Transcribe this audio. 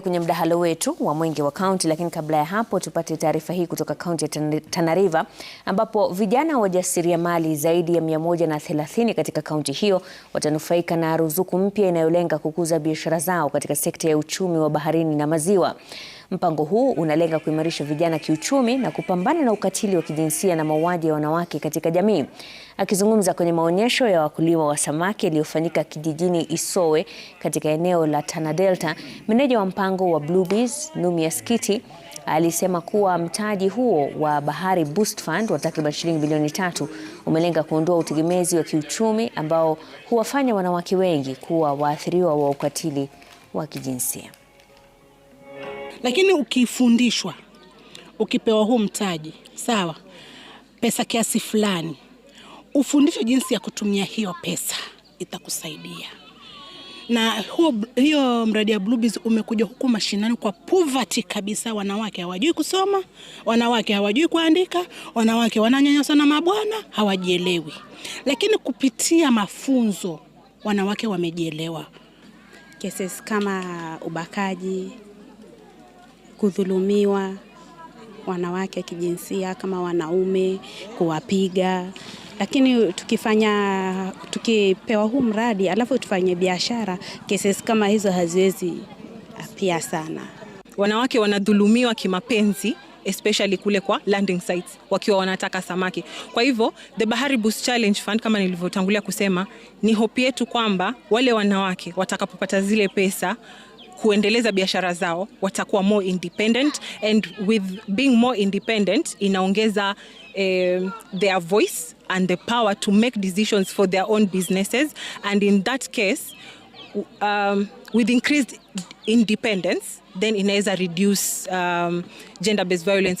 Kwenye mdahalo wetu wa mwenge wa kaunti, lakini kabla ya hapo tupate taarifa hii kutoka kaunti ya Tana River ambapo vijana wajasiriamali zaidi ya 130 katika kaunti hiyo watanufaika na ruzuku mpya inayolenga kukuza biashara zao katika sekta ya uchumi wa baharini na maziwa. Mpango huu unalenga kuimarisha vijana kiuchumi na kupambana na ukatili wa kijinsia na mauaji ya wanawake katika jamii. Akizungumza kwenye maonyesho ya wakulima wa samaki yaliyofanyika kijijini Isowe katika eneo la Tana Delta, meneja wa mpango wa Bluebees Numias Kiti alisema kuwa mtaji huo wa Bahari Boost Fund wa takriban shilingi bilioni tatu umelenga kuondoa utegemezi wa kiuchumi ambao huwafanya wanawake wengi kuwa waathiriwa wa ukatili wa kijinsia. Lakini ukifundishwa, ukipewa huu mtaji sawa, pesa kiasi fulani, ufundishwe jinsi ya kutumia hiyo pesa, itakusaidia na huo, hiyo mradi ya Bluebees umekuja huku mashinani kwa poverty kabisa. Wanawake hawajui kusoma, wanawake hawajui kuandika, wanawake wananyanyaswa na mabwana, hawajielewi. Lakini kupitia mafunzo wanawake wamejielewa, kesi kama ubakaji kudhulumiwa wanawake kijinsia kama wanaume, kuwapiga. Lakini tukifanya tukipewa huu mradi alafu tufanye biashara, kesi kama hizo haziwezi pia sana. Wanawake wanadhulumiwa kimapenzi especially kule kwa landing sites wakiwa wanataka samaki. Kwa hivyo the Bahari Boost Challenge Fund, kama nilivyotangulia kusema, ni hope yetu kwamba wale wanawake watakapopata zile pesa kuendeleza biashara zao watakuwa more independent and with being more independent inaongeza eh, their voice and the power to make decisions for their own businesses and in that case um, with increased independence then inaweza reduce um, gender based violence